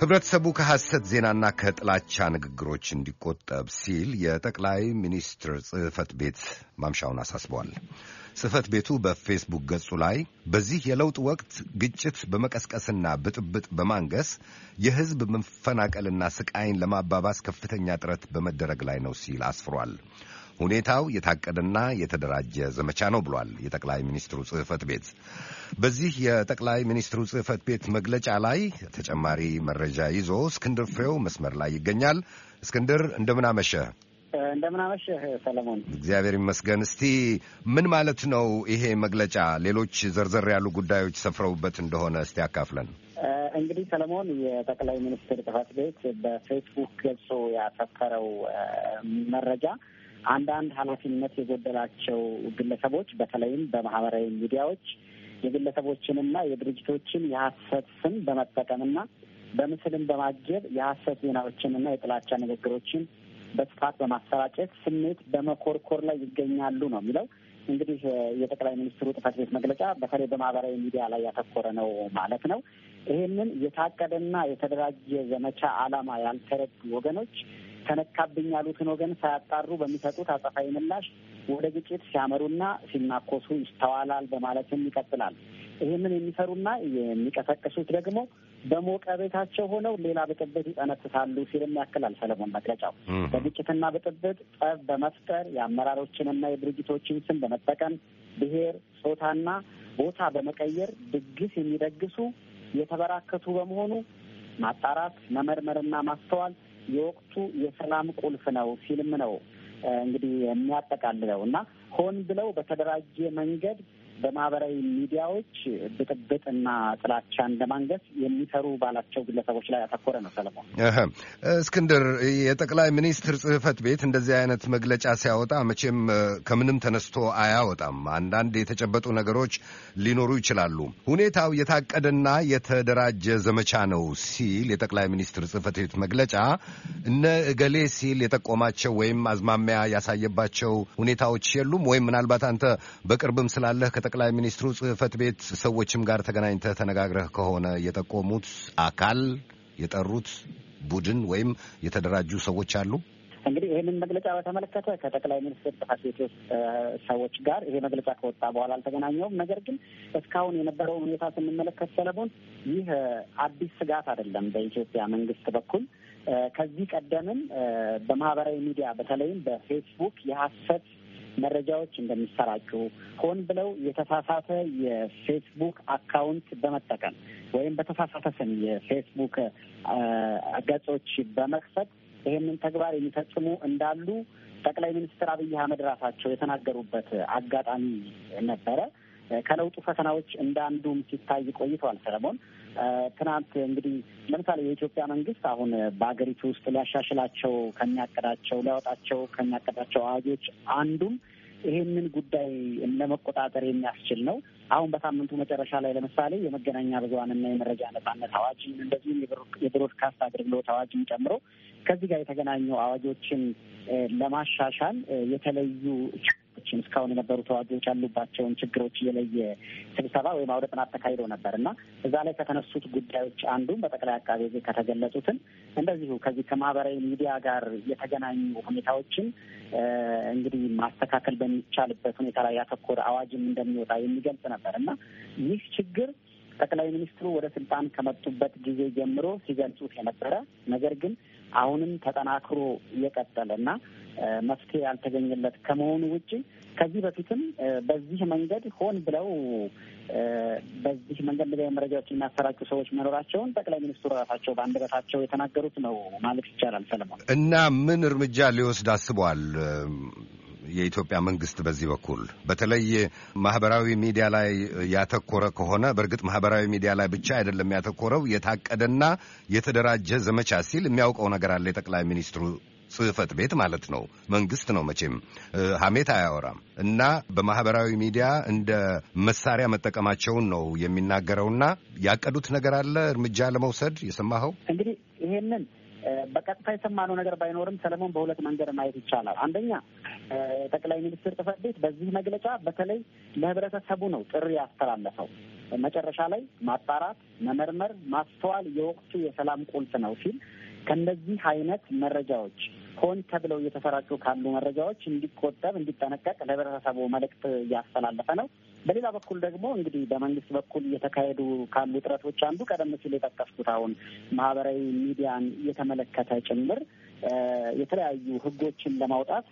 ህብረተሰቡ ከሐሰት ዜናና ከጥላቻ ንግግሮች እንዲቆጠብ ሲል የጠቅላይ ሚኒስትር ጽሕፈት ቤት ማምሻውን አሳስበዋል። ጽህፈት ቤቱ በፌስቡክ ገጹ ላይ በዚህ የለውጥ ወቅት ግጭት በመቀስቀስና ብጥብጥ በማንገስ የህዝብ መፈናቀልና ስቃይን ለማባባስ ከፍተኛ ጥረት በመደረግ ላይ ነው ሲል አስፍሯል። ሁኔታው የታቀደና የተደራጀ ዘመቻ ነው ብሏል የጠቅላይ ሚኒስትሩ ጽህፈት ቤት። በዚህ የጠቅላይ ሚኒስትሩ ጽህፈት ቤት መግለጫ ላይ ተጨማሪ መረጃ ይዞ እስክንድር ፍሬው መስመር ላይ ይገኛል። እስክንድር እንደምን እንደምናመሸህ ሰለሞን። እግዚአብሔር ይመስገን። እስቲ ምን ማለት ነው ይሄ መግለጫ? ሌሎች ዘርዘር ያሉ ጉዳዮች ሰፍረውበት እንደሆነ እስቲ አካፍለን። እንግዲህ ሰለሞን የጠቅላይ ሚኒስትር ጽህፈት ቤት በፌስቡክ ገጾ ያሰፈረው መረጃ አንዳንድ ኃላፊነት የጎደላቸው ግለሰቦች በተለይም በማህበራዊ ሚዲያዎች የግለሰቦችንና የድርጅቶችን የሀሰት ስም በመጠቀምና በምስልም በማጀብ የሀሰት ዜናዎችንና የጥላቻ ንግግሮችን በስፋት በማሰራጨት ስሜት በመኮርኮር ላይ ይገኛሉ ነው የሚለው። እንግዲህ የጠቅላይ ሚኒስትሩ ጽሕፈት ቤት መግለጫ በተለይ በማህበራዊ ሚዲያ ላይ ያተኮረ ነው ማለት ነው። ይህንን የታቀደና የተደራጀ ዘመቻ ዓላማ ያልተረዱ ወገኖች ተነካብኝ ያሉትን ወገን ሳያጣሩ በሚሰጡት አጸፋዊ ምላሽ ወደ ግጭት ሲያመሩና ሲናኮሱ ይስተዋላል በማለትም ይቀጥላል። ይህንን የሚሰሩና የሚቀሰቅሱት ደግሞ በሞቀ ቤታቸው ሆነው ሌላ ብጥብጥ ይጠነስሳሉ ሲልም ያክላል ሰለሞን መግለጫው። በግጭትና ብጥብጥ ጠብ በመፍጠር የአመራሮችንና የድርጅቶችን ስም በመጠቀም ብሔር፣ ጾታና ቦታ በመቀየር ድግስ የሚደግሱ የተበራከቱ በመሆኑ ማጣራት መመርመርና ማስተዋል የወቅቱ የሰላም ቁልፍ ነው ፊልም ነው እንግዲህ የሚያጠቃልለው እና ሆን ብለው በተደራጀ መንገድ በማህበራዊ ሚዲያዎች ብጥብጥና ጥላቻ ለማንገስ የሚሰሩ ባላቸው ግለሰቦች ላይ ያተኮረ ነው። ሰለሞን እስክንድር፣ የጠቅላይ ሚኒስትር ጽህፈት ቤት እንደዚህ አይነት መግለጫ ሲያወጣ መቼም ከምንም ተነስቶ አያወጣም። አንዳንድ የተጨበጡ ነገሮች ሊኖሩ ይችላሉ። ሁኔታው የታቀደና የተደራጀ ዘመቻ ነው ሲል የጠቅላይ ሚኒስትር ጽህፈት ቤት መግለጫ እነ እገሌ ሲል የጠቆማቸው ወይም አዝማሚያ ያሳየባቸው ሁኔታዎች የሉም ወይም ምናልባት አንተ በቅርብም ስላለህ ከጠቅላይ ሚኒስትሩ ጽህፈት ቤት ሰዎችም ጋር ተገናኝተህ ተነጋግረህ ከሆነ የጠቆሙት አካል የጠሩት ቡድን ወይም የተደራጁ ሰዎች አሉ? እንግዲህ ይህንን መግለጫ በተመለከተ ከጠቅላይ ሚኒስትር ጽህፈት ቤት ውስጥ ሰዎች ጋር ይሄ መግለጫ ከወጣ በኋላ አልተገናኘውም። ነገር ግን እስካሁን የነበረውን ሁኔታ ስንመለከት ሰለሞን፣ ይህ አዲስ ስጋት አይደለም በኢትዮጵያ መንግስት በኩል ከዚህ ቀደምም በማህበራዊ ሚዲያ በተለይም በፌስቡክ የሀሰት መረጃዎች እንደሚሰራጩ ሆን ብለው የተሳሳተ የፌስቡክ አካውንት በመጠቀም ወይም በተሳሳተ ስም የፌስቡክ ገጾች በመክፈት ይህንን ተግባር የሚፈጽሙ እንዳሉ ጠቅላይ ሚኒስትር አብይ አህመድ ራሳቸው የተናገሩበት አጋጣሚ ነበረ። ከለውጡ ፈተናዎች እንደ አንዱም ሲታይ ቆይተዋል። ሰለሞን ትናንት እንግዲህ ለምሳሌ የኢትዮጵያ መንግስት አሁን በሀገሪቱ ውስጥ ሊያሻሽላቸው ከሚያቀዳቸው ሊያወጣቸው ከሚያቀዳቸው አዋጆች አንዱም ይሄንን ጉዳይ ለመቆጣጠር የሚያስችል ነው። አሁን በሳምንቱ መጨረሻ ላይ ለምሳሌ የመገናኛ ብዙኃንና የመረጃ ነጻነት አዋጅን እንደዚሁም የብሮድካስት አገልግሎት አዋጅን ጨምሮ ከዚህ ጋር የተገናኙ አዋጆችን ለማሻሻል የተለዩ ተዋጊዎችን እስካሁን የነበሩ ተዋጊዎች ያሉባቸውን ችግሮች እየለየ ስብሰባ ወይም አውደ ጥናት ተካሂዶ ነበር እና እዛ ላይ ከተነሱት ጉዳዮች አንዱም በጠቅላይ አቃቤ ሕግ ከተገለጹትን እንደዚሁ ከዚህ ከማህበራዊ ሚዲያ ጋር የተገናኙ ሁኔታዎችን እንግዲህ ማስተካከል በሚቻልበት ሁኔታ ላይ ያተኮረ አዋጅም እንደሚወጣ የሚገልጽ ነበር እና ይህ ችግር ጠቅላይ ሚኒስትሩ ወደ ስልጣን ከመጡበት ጊዜ ጀምሮ ሲገልጹት የነበረ ነገር ግን አሁንም ተጠናክሮ እየቀጠለ እና መፍትሄ ያልተገኘለት ከመሆኑ ውጭ ከዚህ በፊትም በዚህ መንገድ ሆን ብለው በዚህ መንገድ ንገ መረጃዎች የሚያሰራጩ ሰዎች መኖራቸውን ጠቅላይ ሚኒስትሩ ራሳቸው በአንደበታቸው የተናገሩት ነው ማለት ይቻላል። ሰለሞን እና ምን እርምጃ ሊወስድ አስቧል? የኢትዮጵያ መንግስት በዚህ በኩል በተለይ ማህበራዊ ሚዲያ ላይ ያተኮረ ከሆነ በእርግጥ ማህበራዊ ሚዲያ ላይ ብቻ አይደለም ያተኮረው፣ የታቀደና የተደራጀ ዘመቻ ሲል የሚያውቀው ነገር አለ የጠቅላይ ሚኒስትሩ ጽህፈት ቤት ማለት ነው። መንግስት ነው መቼም ሀሜት አያወራም እና በማህበራዊ ሚዲያ እንደ መሳሪያ መጠቀማቸውን ነው የሚናገረውና ያቀዱት ነገር አለ እርምጃ ለመውሰድ የሰማኸው እንግዲህ ይሄንን በቀጥታ የሰማነው ነገር ባይኖርም ሰለሞን በሁለት መንገድ ማየት ይቻላል። አንደኛ ጠቅላይ ሚኒስትር ጽህፈት ቤት በዚህ መግለጫ በተለይ ለህብረተሰቡ ነው ጥሪ ያስተላለፈው። መጨረሻ ላይ ማጣራት፣ መመርመር፣ ማስተዋል የወቅቱ የሰላም ቁልፍ ነው ሲል ከእነዚህ አይነት መረጃዎች ሆን ተብለው እየተሰራጩ ካሉ መረጃዎች እንዲቆጠብ፣ እንዲጠነቀቅ ለህብረተሰቡ መልእክት እያስተላለፈ ነው። በሌላ በኩል ደግሞ እንግዲህ በመንግስት በኩል እየተካሄዱ ካሉ ጥረቶች አንዱ ቀደም ሲል የጠቀስኩት አሁን ማህበራዊ ሚዲያን እየተመለከተ ጭምር የተለያዩ ህጎችን ለማውጣት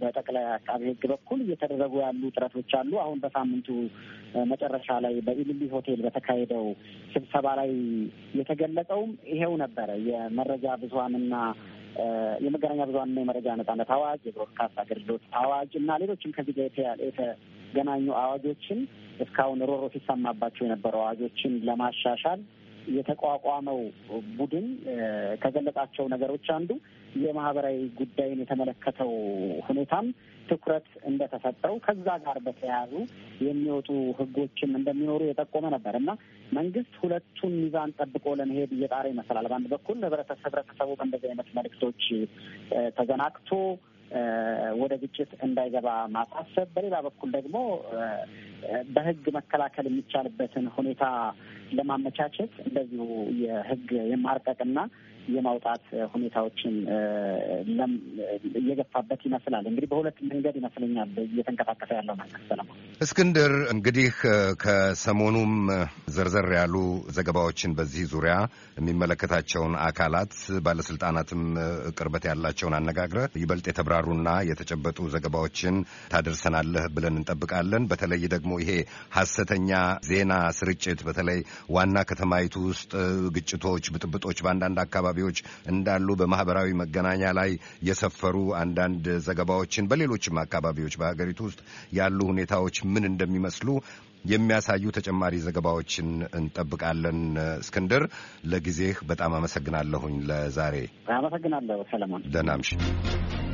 በጠቅላይ አቃቤ ህግ በኩል እየተደረጉ ያሉ ጥረቶች አሉ። አሁን በሳምንቱ መጨረሻ ላይ በኢልሊ ሆቴል በተካሄደው ስብሰባ ላይ የተገለጸውም ይሄው ነበረ። የመረጃ ብዙሀንና የመገናኛ ብዙኃንና የመረጃ ነጻነት አዋጅ፣ የብሮድካስት አገልግሎት አዋጅ እና ሌሎችም ከዚህ ጋር የተገናኙ አዋጆችን እስካሁን ሮሮ ሲሰማባቸው የነበሩ አዋጆችን ለማሻሻል የተቋቋመው ቡድን ከገለጻቸው ነገሮች አንዱ የማህበራዊ ጉዳይን የተመለከተው ሁኔታም ትኩረት እንደተሰጠው ከዛ ጋር በተያያዙ የሚወጡ ህጎችም እንደሚኖሩ የጠቆመ ነበር እና መንግስት ሁለቱን ሚዛን ጠብቆ ለመሄድ እየጣረ ይመስላል። በአንድ በኩል ህብረተሰቡ በእንደዚህ አይነት መልእክቶች ተዘናግቶ ወደ ግጭት እንዳይገባ ማሳሰብ፣ በሌላ በኩል ደግሞ በህግ መከላከል የሚቻልበትን ሁኔታ ለማመቻቸት እንደዚሁ የህግ የማርቀቅና የማውጣት ሁኔታዎችን እየገፋበት ይመስላል። እንግዲህ በሁለት መንገድ ይመስለኛል እየተንቀሳቀሰ ያለው መንግስት። ሰለሞን እስክንድር፣ እንግዲህ ከሰሞኑም ዘርዘር ያሉ ዘገባዎችን በዚህ ዙሪያ የሚመለከታቸውን አካላት ባለስልጣናትም ቅርበት ያላቸውን አነጋግረ ይበልጥ የተብራሩና የተጨበጡ ዘገባዎችን ታደርሰናለህ ብለን እንጠብቃለን። በተለይ ደግሞ ደግሞ ይሄ ሀሰተኛ ዜና ስርጭት በተለይ ዋና ከተማይቱ ውስጥ ግጭቶች፣ ብጥብጦች በአንዳንድ አካባቢዎች እንዳሉ በማህበራዊ መገናኛ ላይ የሰፈሩ አንዳንድ ዘገባዎችን በሌሎችም አካባቢዎች በሀገሪቱ ውስጥ ያሉ ሁኔታዎች ምን እንደሚመስሉ የሚያሳዩ ተጨማሪ ዘገባዎችን እንጠብቃለን። እስክንድር፣ ለጊዜህ በጣም አመሰግናለሁኝ። ለዛሬ አመሰግናለሁ ሰለሞን። ደህና እምሽ።